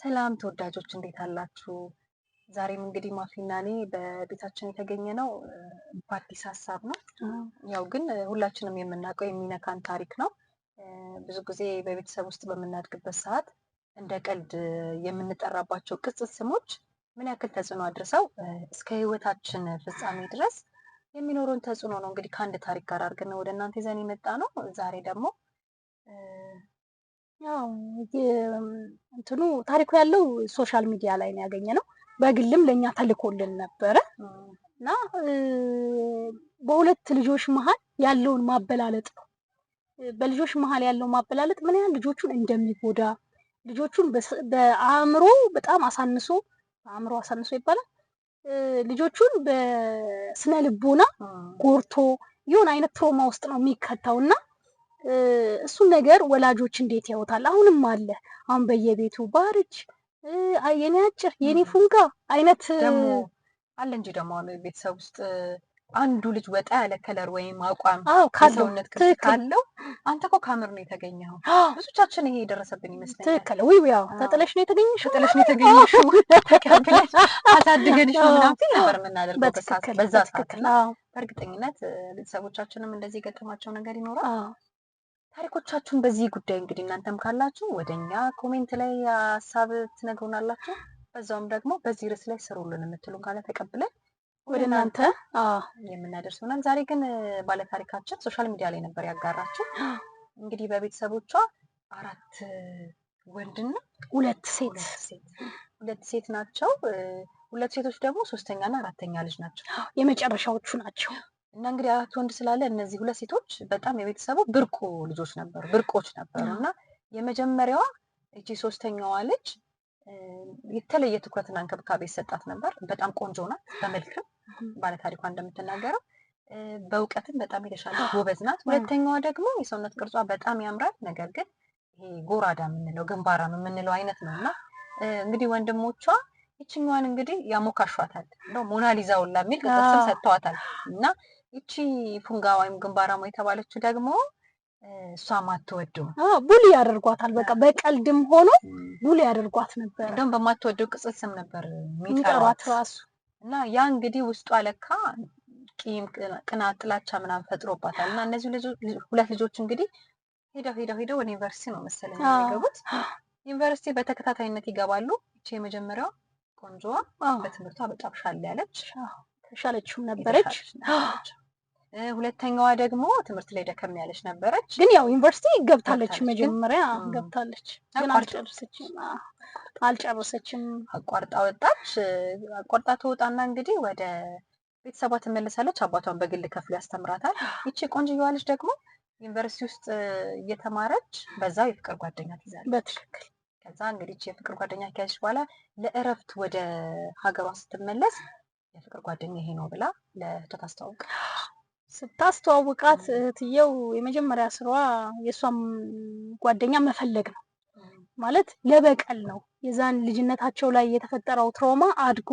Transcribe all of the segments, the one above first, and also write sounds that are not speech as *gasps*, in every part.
ሰላም ተወዳጆች እንዴት አላችሁ? ዛሬም እንግዲህ ማፊና እኔ በቤታችን የተገኘ ነው በአዲስ ሀሳብ ነው። ያው ግን ሁላችንም የምናውቀው የሚነካን ታሪክ ነው። ብዙ ጊዜ በቤተሰብ ውስጥ በምናድግበት ሰዓት እንደ ቀልድ የምንጠራባቸው ቅጽል ስሞች ምን ያክል ተጽዕኖ አድርሰው እስከ ህይወታችን ፍጻሜ ድረስ የሚኖረውን ተጽዕኖ ነው። እንግዲህ ከአንድ ታሪክ ጋር አድርገን ወደ እናንተ ይዘን የመጣ ነው። ዛሬ ደግሞ እንትኑ ታሪኩ ያለው ሶሻል ሚዲያ ላይ ነው ያገኘ ነው። በግልም ለእኛ ተልኮልን ነበረ እና በሁለት ልጆች መሀል ያለውን ማበላለጥ ነው። በልጆች መሀል ያለው ማበላለጥ ምን ያህል ልጆቹን እንደሚጎዳ ልጆቹን በአእምሮ በጣም አሳንሶ በአእምሮ አሳንሶ ይባላል ልጆቹን በስነ ልቦና ጎርቶ የሆነ አይነት ትሮማ ውስጥ ነው የሚከተውና እሱን ነገር ወላጆች እንዴት ያውታል? አሁንም አለ። አሁን በየቤቱ ባርጅ የኔ አጭር የኔ ፉንጋ አይነት አለ እንጂ ደግሞ አሁን ቤተሰብ ውስጥ አንዱ ልጅ ወጣ ያለ ከለር ወይም አቋም ሰውነት ክፍል ካለው አንተ እኮ ካምር ነው የተገኘው። ብዙቻችን ይሄ የደረሰብን ይመስለኛል። ትክክል። ወይ ያው ተጥለሽ ነው የተገኘሽው፣ ተጥለሽ ነው የተገኘሽው፣ *laughs* ተቀብለሽ አሳድገንሽ ነው ምናምን ነበር የምናደርገው በዛ ሰዓት። በእርግጠኝነት ቤተሰቦቻችንም እንደዚህ የገጠማቸው ነገር ይኖራል። ታሪኮቻችሁን በዚህ ጉዳይ እንግዲህ እናንተም ካላችሁ ወደ እኛ ኮሜንት ላይ ሀሳብ ትነግሩናላችሁ። በዛውም ደግሞ በዚህ ርዕስ ላይ ስሩልን የምትሉን ካለ ተቀብለን ወደ እናንተ የምናደርስ ሆናል። ዛሬ ግን ባለታሪካችን ሶሻል ሚዲያ ላይ ነበር ያጋራችሁ። እንግዲህ በቤተሰቦቿ አራት ወንድና ሁለት ሴት ሁለት ሴት ናቸው። ሁለት ሴቶች ደግሞ ሶስተኛና አራተኛ ልጅ ናቸው። የመጨረሻዎቹ ናቸው። እና እንግዲህ አራት ወንድ ስላለ እነዚህ ሁለት ሴቶች በጣም የቤተሰቡ ብርቁ ልጆች ነበሩ፣ ብርቆች ነበሩ። እና የመጀመሪያዋ እቺ ሶስተኛዋ ልጅ የተለየ ትኩረትና እንክብካቤ ይሰጣት ነበር። በጣም ቆንጆ ናት፣ በመልክም ባለታሪኳ እንደምትናገረው በእውቀትም በጣም የተሻለ ጎበዝ ናት። ሁለተኛዋ ደግሞ የሰውነት ቅርጿ በጣም ያምራል፣ ነገር ግን ይሄ ጎራዳ የምንለው ግንባራ የምንለው አይነት ነው እና እንግዲህ ወንድሞቿ ይችኛዋን እንግዲህ ያሞካሿታል፣ ሞናሊዛ ሁላ የሚል ቅጽል ሰጥተዋታል እና ይቺ ፑንጋ ወይም ግንባራማ የተባለችው ደግሞ እሷ አትወድም። ቡሊ ያደርጓታል። በቃ በቀልድም ሆኖ ቡሊ ያደርጓት ነበር። እንደውም በማትወደው ቅጽል ስም ነበር የሚጠሯት ራሱ እና ያ እንግዲህ ውስጧ ለካ ቂም፣ ቅናት፣ ጥላቻ ምናምን ፈጥሮባታል እና እነዚህ ሁለት ልጆች እንግዲህ ሄደው ሄደው ሄደው ወደ ዩኒቨርሲቲ ነው መሰለኝ የሚገቡት። ዩኒቨርሲቲ በተከታታይነት ይገባሉ። ይቺ የመጀመሪያው ቆንጆዋ በትምህርቷ በጣም ሻል ያለች ተሻለችም ነበረች። ሁለተኛዋ ደግሞ ትምህርት ላይ ደከም ያለች ነበረች። ግን ያው ዩኒቨርሲቲ ገብታለች፣ መጀመሪያ ገብታለች፣ ግን አልጨረሰችም አልጨረሰችም። አቋርጣ ወጣች። አቋርጣ ትወጣና እንግዲህ ወደ ቤተሰቧ ትመለሳለች። አባቷን በግል ከፍሎ ያስተምራታል። ይቺ ቆንጅየዋ ልጅ ደግሞ ዩኒቨርሲቲ ውስጥ እየተማረች በዛው የፍቅር ጓደኛ ትይዛለች። በትክክል ከዛ እንግዲህ የፍቅር ጓደኛ ከያዘች በኋላ ለእረፍት ወደ ሀገሯ ስትመለስ የፍቅር ጓደኛ ይሄ ነው ብላ ለእህቷ ታስተዋውቃለች። ስታስተዋውቃት እህትየው የመጀመሪያ ስሯ የእሷም ጓደኛ መፈለግ ነው ማለት ለበቀል ነው። የዛን ልጅነታቸው ላይ የተፈጠረው ትራውማ አድጎ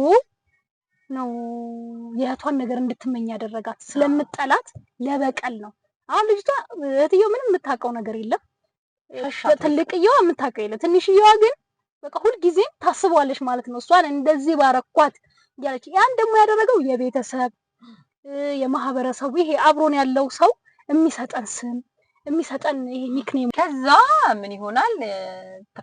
ነው የእህቷን ነገር እንድትመኝ ያደረጋት። ስለምጠላት ለበቀል ነው። አሁን ልጅቷ እህትየው ምንም የምታውቀው ነገር የለም። ትልቅየዋ የምታውቀው የለም። ትንሽየዋ ግን በቃ ሁልጊዜም ታስበዋለች ማለት ነው። እሷን እንደዚህ ባረኳት እያለች ያን ደግሞ ያደረገው የቤተሰብ የማህበረሰቡ ይሄ አብሮን ያለው ሰው የሚሰጠን ስም የሚሰጠን ይሄ ኒክኔም። ከዛ ምን ይሆናል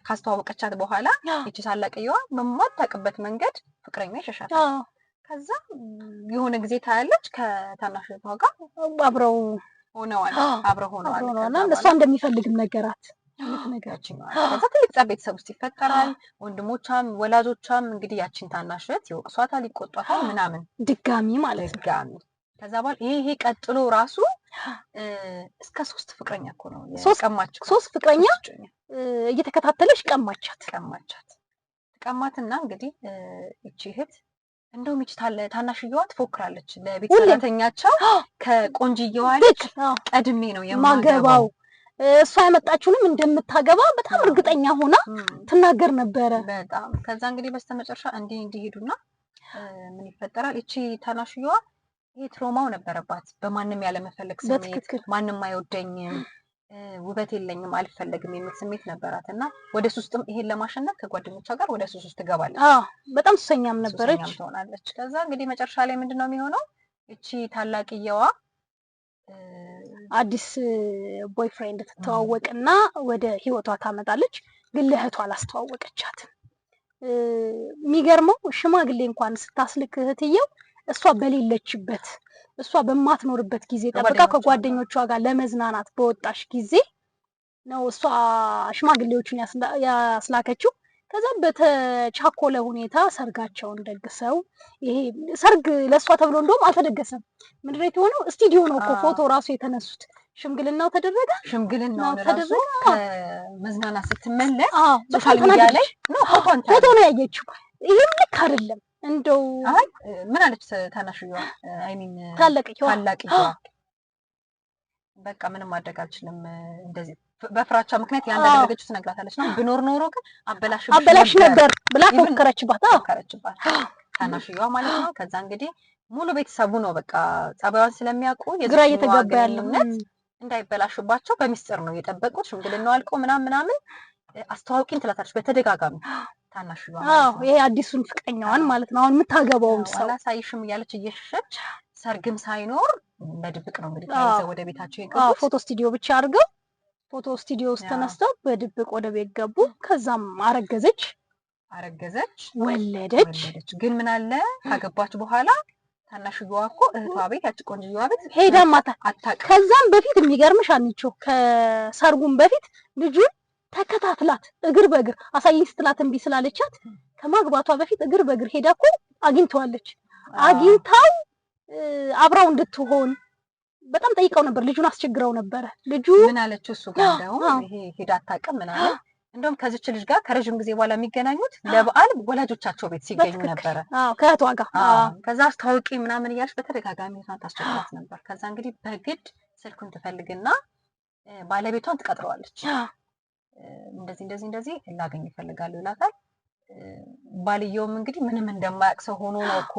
ካስተዋወቀቻት በኋላ ይቺ ታላቅየዋ በማታውቅበት መንገድ ፍቅረኛ ይሸሻል። ከዛ የሆነ ጊዜ ታያለች ከታናሽ ጋር አብረው ሆነዋል አብረው ሆነዋል። እሷ እንደሚፈልግም ነገራት ከዛ ትልቅ ጸብ ቤተሰብ ውስጥ ይፈጠራል። ወንድሞቿም ወላጆቿም እንግዲህ ያችን ታናሽ እህት ይወቅሷታል፣ ይቆጧታል ምናምን ድጋሚ ማለት ነው ድጋሚ ከዛ በኋላ ይሄ ይሄ ቀጥሎ ራሱ እስከ ሶስት ፍቅረኛ እኮ ነው የቀማቸው። ሶስት ፍቅረኛ እየተከታተለች ቀማቻት ቀማቻት ቀማትና እንግዲህ እቺ እህት እንደውም ይች ታናሽየዋ ትፎክራለች ለቤት ሰራተኛቸው ከቆንጅየዋ ልጅ ቀድሜ ነው የማገባው እሷ ያመጣችሁንም እንደምታገባ በጣም እርግጠኛ ሆና ትናገር ነበረ። በጣም ከዛ እንግዲህ በስተመጨረሻ እንዲህ እንዲሄዱና ምን ይፈጠራል? እቺ ታናሽየዋ ይሄ ትሮማው ነበረባት። በማንም ያለመፈለግ ስሜት፣ ማንም አይወደኝም፣ ውበት የለኝም፣ አልፈለግም የሚል ስሜት ነበራት እና ወደ ሱስጥም ይሄን ለማሸነፍ ከጓደኞቿ ጋር ወደ ሱስ ውስጥ ትገባለች። በጣም ሱሰኛም ነበረች ትሆናለች። ከዛ እንግዲህ መጨረሻ ላይ ምንድን ነው የሚሆነው? እቺ ታላቅየዋ አዲስ ቦይፍሬንድ ትተዋወቅና ወደ ህይወቷ ታመጣለች። ግን ለእህቷ አላስተዋወቀቻትም። የሚገርመው ሽማግሌ እንኳን ስታስልክ እህትየው እሷ በሌለችበት እሷ በማትኖርበት ጊዜ ጠብቃ ከጓደኞቿ ጋር ለመዝናናት በወጣሽ ጊዜ ነው እሷ ሽማግሌዎቹን ያስላከችው። ከዛ በተቻኮለ ሁኔታ ሰርጋቸውን ደግሰው ይሄ ሰርግ ለእሷ ተብሎ እንደውም አልተደገሰም። ምንድን ነው የተሆነው? ስቱዲዮ ነው እኮ ፎቶ ራሱ የተነሱት። ሽምግልናው ተደረገ። ሽምግልናው ተደረገ። መዝናናት ስትመለስ ሶሻል ሚዲያ ላይ ፎቶ ነው ያየችው። ይህም ልክ አይደለም። እንደው አይ ምን አለች ታናሽየዋ? አይሚን ታላቅየዋ ታላቅየዋ በቃ ምንም ማድረግ አልችልም እንደዚህ በፍራቻ ምክንያት ያን ያደረገችው ትነግራታለች ነው። ብኖር ኖሮ ግን አበላሽ አበላሽ ነበር ብላ ፎከረችባት፣ ፎከረችባት ታናሽየዋ ማለት ነው። ከዛ እንግዲህ ሙሉ ቤተሰቡ ነው በቃ ጸባይዋን ስለሚያውቁ ግራ እየተጋባ ያለውነት እንዳይበላሽባቸው በሚስጥር ነው የጠበቁት። ሽምግልናው አልቆ ምናምን ምናምን አስተዋውቂን ትላታለች በተደጋጋሚ አዎ ይሄ አዲሱን ፍቅረኛዋን ማለት ነው። አሁን የምታገባውን ሰው አላሳይሽም እያለች እየሸሸች ሰርግም ሳይኖር በድብቅ ነው እንግዲህ ታይዘው ወደ ቤታቸው የገቡት። ፎቶ ስቱዲዮ ብቻ አድርገው ፎቶ ስቱዲዮ ውስጥ ተነስተው በድብቅ ወደ ቤት ገቡ። ከዛም አረገዘች አረገዘች ወለደች። ግን ምን አለ ካገባች በኋላ ታናሽየዋ እኮ እህቷ ቤት ያቺ ቆንጅየዋ ቤት ሄዳ ማታ አታውቅም። ከዛም በፊት የሚገርምሽ አንቺው ከሰርጉም በፊት ልጁን ተከታትላት እግር በእግር አሳየኝ ስትላት እምቢ ስላለቻት ከማግባቷ በፊት እግር በእግር ሄዳ እኮ አግኝተዋለች። አግኝታው አብራው እንድትሆን በጣም ጠይቀው ነበር። ልጁን አስቸግረው ነበረ። ልጁ ምን አለች እሱ ጋር እንደውም ይሄ ሄዳ አታውቅም ምናምን እንደውም ከዚች ልጅ ጋር ከረዥም ጊዜ በኋላ የሚገናኙት ለበዓል ወላጆቻቸው ቤት ሲገኙ ነበረ ከእህቷ ጋር። ከዛ አስታወቂ ምናምን እያለች በተደጋጋሚ እህቷን ታስቸግራት ነበር። ከዛ እንግዲህ በግድ ስልኩን ትፈልግና ባለቤቷን ትቀጥረዋለች። እንደዚህ እንደዚህ እንደዚህ ላገኝ ይፈልጋሉ ይላታል። ባልየውም እንግዲህ ምንም እንደማያውቅ ሰው ሆኖ ነው እኮ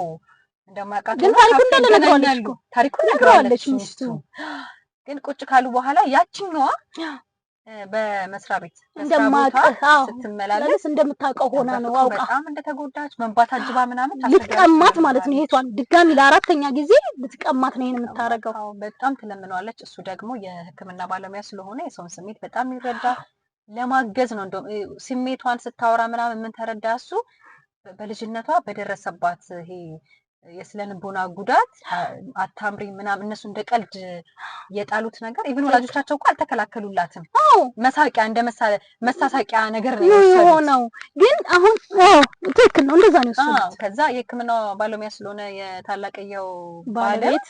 እንደማያውቃት ግን ታሪኩን እንደነገረዋለች ታሪኩን ነገረዋለች ሚስቱ። ግን ቁጭ ካሉ በኋላ ያችኛዋ በመስሪያ ቤት ስትመላለስ እንደምታውቀው ሆና ነው አውቃ በጣም እንደተጎዳች መንባት አጅባ ምናምን ልትቀማት ማለት ነው። ይሄቷን ድጋሚ ለአራተኛ ጊዜ ልትቀማት ነው ይህን የምታረገው። በጣም ትለምነዋለች። እሱ ደግሞ የሕክምና ባለሙያ ስለሆነ የሰውን ስሜት በጣም ይረዳል። ለማገዝ ነው። እንደውም ስሜቷን ስታወራ ምናምን የምንተረዳ እሱ በልጅነቷ በደረሰባት ይሄ የስነ ጉዳት አታምሪ ምናምን እነሱ እንደ ቀልድ የጣሉት ነገር ኢቭን ወላጆቻቸው እኮ አልተከላከሉላትም። መሳቂያ እንደ መሳሳቂያ ነገር ነው። ግን አሁን ትክክል ነው፣ እንደዛ ነው። ከዛ የሕክምና ባለሙያ ስለሆነ የታላቅየው ባለቤት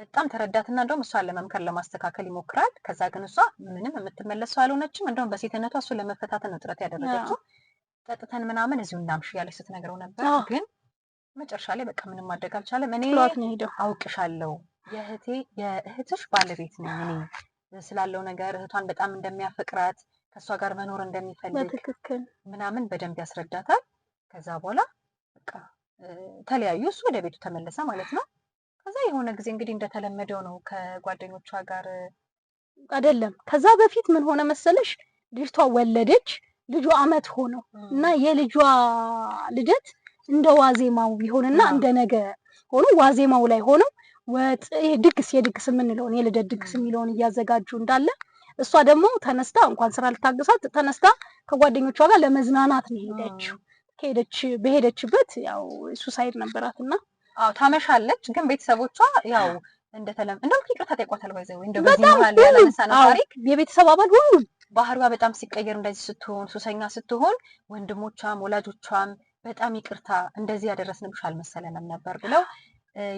በጣም ተረዳትና እንደውም እሷን ለመምከር ለማስተካከል ይሞክራል። ከዛ ግን እሷ ምንም የምትመለሰው አልሆነችም። እንደውም በሴትነቷ እሱ ለመፈታተን ነው ጥረት ያደረገችው። ጠጥተን ምናምን እዚሁ እናምሽ እያለች ስትነግረው ነበር። ግን መጨረሻ ላይ በቃ ምንም ማድረግ አልቻለም። እኔ አውቅሻለሁ፣ የእህቴ የእህትሽ ባለቤት ነኝ እኔ ስላለው ነገር እህቷን በጣም እንደሚያፈቅራት ከእሷ ጋር መኖር እንደሚፈልግ ምናምን በደንብ ያስረዳታል። ከዛ በኋላ በቃ ተለያዩ። እሱ ወደ ቤቱ ተመለሰ ማለት ነው። ከዛ የሆነ ጊዜ እንግዲህ እንደተለመደው ነው ከጓደኞቿ ጋር አይደለም። ከዛ በፊት ምን ሆነ መሰለሽ ልጅቷ ወለደች። ልጇ አመት ሆነው እና የልጇ ልደት እንደ ዋዜማው ቢሆንና እንደ ነገ ሆኖ ዋዜማው ላይ ሆነው ወጥ ድግስ የድግስ የምንለውን የልደት ድግስ የሚለውን እያዘጋጁ እንዳለ እሷ ደግሞ ተነስታ እንኳን ስራ ልታግሳት ተነስታ ከጓደኞቿ ጋር ለመዝናናት ነው ሄደችው። ከሄደች በሄደችበት ያው ሱሳይድ ነበራትና አዎ ታመሻለች። ግን ቤተሰቦቿ ያው እንደተለም እንደውም ይቅርታ ጠይቋታል። ባይዘው እንደው በዚህ መሀል ያለ ታሪክ የቤተሰብ አባል ሁሉ ባህሪዋ በጣም ሲቀየር እንደዚህ ስትሆን ሱሰኛ ስትሆን ወንድሞቿም ወላጆቿም በጣም ይቅርታ እንደዚህ ያደረስንብሽ አልመሰለንም ነበር ብለው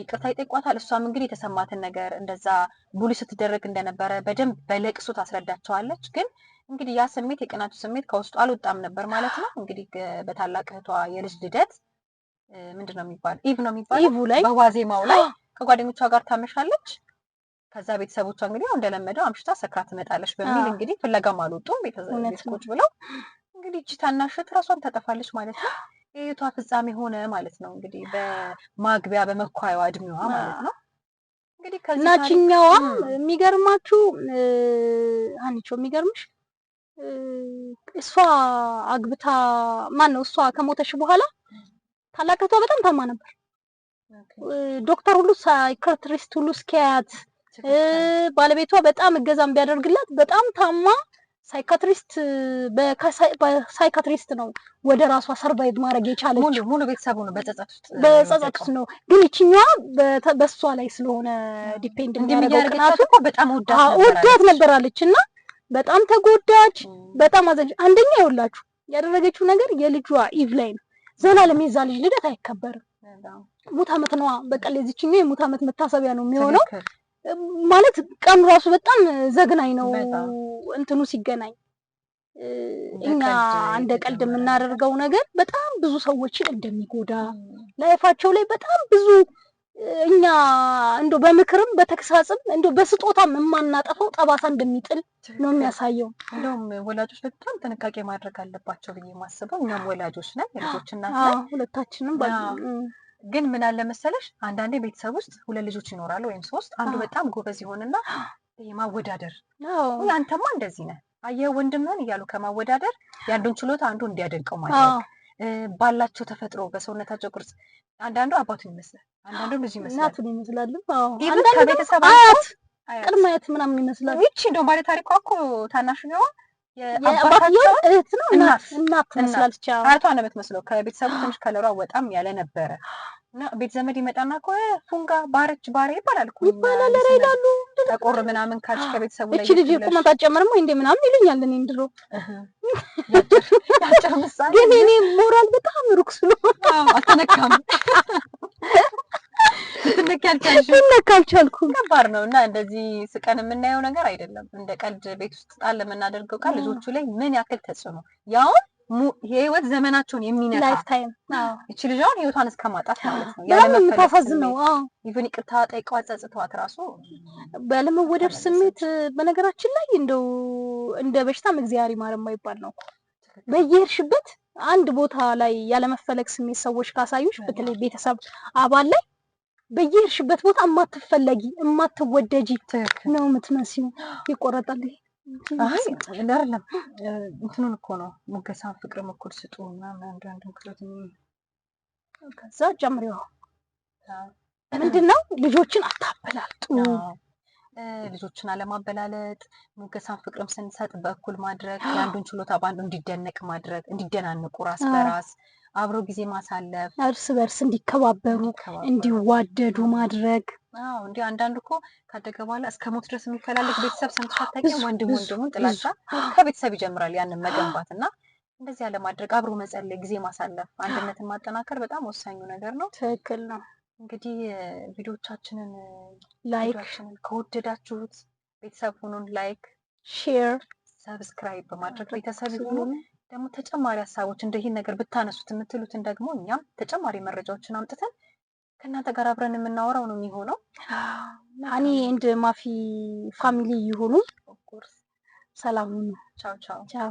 ይቅርታ ይጠይቋታል። እሷም እንግዲህ የተሰማትን ነገር እንደዛ ቡሊ ስትደረግ እንደነበረ በደንብ በለቅሶ ታስረዳቸዋለች። ግን እንግዲህ ያ ስሜት የቅናቱ ስሜት ከውስጡ አልወጣም ነበር ማለት ነው። እንግዲህ በታላቅ እህቷ የልጅ ልደት ምንድን ነው የሚባለው? ኢቭ ነው የሚባለው። ኢቭ ላይ በዋዜማው ላይ *gasps* ከጓደኞቿ ጋር ታመሻለች። ከዛ ቤተሰቦቿ እንግዲህ እንደለመደው አምሽታ ሰክራ ትመጣለች በሚል እንግዲህ ፍለጋም አልወጡም። ቤተሰቦች ብለው እንግዲህ እቺ ታናሽ ራሷን ታጠፋለች ማለት ነው። የህይወቷ ፍጻሜ ሆነ ማለት ነው። እንግዲህ በማግቢያ በመኳዩ እድሜዋ ማለት ነው። እንግዲህ እናችኛዋም የሚገርማችሁ አንቺው የሚገርምሽ እሷ አግብታ ማን ነው እሷ ከሞተሽ በኋላ ታላቀቷ በጣም ታማ ነበር። ዶክተር ሁሉ ሳይካትሪስት ሁሉ እስኪያያት ባለቤቷ በጣም እገዛም ቢያደርግላት በጣም ታማ ሳይካትሪስት በሳይካትሪስት ነው ወደ ራሷ ሰርቫይቭ ማድረግ የቻለች። ሙሉ ሙሉ ቤተሰቡ ነው በጸጸት ውስጥ በጸጸት ውስጥ ነው። ግን ይችኛዋ በሷ ላይ ስለሆነ ዲፔንድ የሚያደርገው ቅናቱ በጣም ወዳት ነበራለች እና በጣም ተጎዳች። በጣም አዘንጅ አንደኛ ይኸውላችሁ ያደረገችው ነገር የልጇ ኢቭ ላይ ነው ዘላለም ልጅ ልደት አይከበርም። ሙት አመት ነዋ። በቃ ለዚችኛው የሙት አመት መታሰቢያ ነው የሚሆነው። ማለት ቀኑ ራሱ በጣም ዘግናኝ ነው እንትኑ ሲገናኝ እኛ እንደ ቀልድ የምናደርገው ነገር በጣም ብዙ ሰዎችን እንደሚጎዳ ላይፋቸው ላይ በጣም ብዙ እኛ እንዶ በምክርም በተግሳጽም እንዶ በስጦታም የማናጠፈው ጠባሳ እንደሚጥል ነው የሚያሳየው። እንደውም ወላጆች በጣም ጥንቃቄ ማድረግ አለባቸው ብዬ የማስበው እኛም ወላጆች ነን፣ የልጆች እናት ነን። ሁለታችንም ግን ምን አለ መሰለሽ አንዳንዴ ቤተሰብ ውስጥ ሁለት ልጆች ይኖራሉ ወይም ሶስት፣ አንዱ በጣም ጎበዝ ይሆንና የማወዳደር *gasps* አንተማ እንደዚህ ነህ አየህ ወንድምህን እያሉ ከማወዳደር የአንዱን ችሎታ አንዱ እንዲያደንቀው ማድረግ ባላቸው ተፈጥሮ በሰውነታቸው ቅርጽ አንዳንዱ አባቱን ይመስላል፣ አንዳንዱ ልጅ ይመስላል፣ እናቱን ይመስላል፣ አያት ቅድመ አያት ምናምን ይመስላል። ይቺ እንደውም ባለ ታሪኳ እኮ ታናሽኛዋ የአባትየው እህት ነው እናት እናት ትመስላለች። አያቷ ነው የምትመስለው። ከቤተሰቡ *gasps* ትንሽ ከለሯ ወጣም ያለ ነበረ እና ዘመድ ይመጣና ኮ ፉንጋ ባረች ባረ ይባላል ይባላል ኧረ ይላሉ ጠቆር ምናምን ካች *gasps* ከቤተሰቡ ላይ እቺ ልጅ ቁመት አጨምርም ወይ እንዴ ምናምን ይሉኛል። እኔን እንድሮ ግን እኔ ሞራል በጣም ሩቅ ስለሆነ አልተነካም። ልትነካ አልቻልኩም። ነው እና እንደዚህ ስቀን የምናየው ነገር አይደለም። እንደ ቀልድ ቤት ውስጥ ጣል የምናደርገው ቃል ልጆቹ ላይ ምን ያክል ተጽዕኖ ያውም የህይወት ዘመናቸውን የሚነካ እቺ ልጅ አሁን ህይወቷን እስከ ማጣት ማለት ነው። በጣም የሚታፈዝ ነው። ኢቨን ይቅርታ ጠይቀዋ ጸጽተዋት ራሱ ባለመወደድ ስሜት በነገራችን ላይ እንደው እንደ በሽታም እግዚአብሔር ይማር የማይባል ነው። በየሄድሽበት አንድ ቦታ ላይ ያለመፈለግ ስሜት ሰዎች ካሳዩሽ፣ በተለይ ቤተሰብ አባል ላይ በየሄድሽበት ቦታ እማትፈለጊ እማትወደጂ ነው የምትመስዪው። ይቆረጣል አይ አይደለም፣ እንትኑን እኮ ነው ሙገሳን ፍቅር እኩል ስጡ ምናምን አንዱ ከዛ ጀምሪዋ ምንድን ነው ልጆችን አታበላልጡ። ልጆችን አለማበላለጥ፣ ሙገሳን ፍቅርም ስንሰጥ በእኩል ማድረግ፣ የአንዱን ችሎታ በአንዱ እንዲደነቅ ማድረግ፣ እንዲደናንቁ ራስ በራስ አብሮ ጊዜ ማሳለፍ፣ እርስ በርስ እንዲከባበሩ እንዲዋደዱ ማድረግ። አዎ እንዲህ አንዳንድ እኮ ካደገ በኋላ እስከ ሞት ድረስ የሚፈላለግ *gasps* ቤተሰብ ሰምተሽ አታውቂም? ወንድም ወንድሙን ጥላቻ *gasps* ከቤተሰብ ይጀምራል። ያንን መገንባት እና እንደዚህ ያለማድረግ አብሮ መጸለይ፣ ጊዜ ማሳለፍ፣ አንድነትን ማጠናከር በጣም ወሳኙ ነገር ነው። ትክክል ነው። እንግዲህ ቪዲዮቻችንን ላይክ ከወደዳችሁት ቤተሰብ ሁኑን፣ ላይክ ሼር፣ ሰብስክራይብ በማድረግ ቤተሰብ ሁኑ። ደግሞ ተጨማሪ ሀሳቦች እንደ ይህን ነገር ብታነሱት የምትሉትን ደግሞ እኛም ተጨማሪ መረጃዎችን አምጥተን ከእናንተ ጋር አብረን የምናወራው ነው የሚሆነው። እኔ እንድ ማፊ ፋሚሊ ይሁኑ። ሰላም ቻው ቻው ቻው።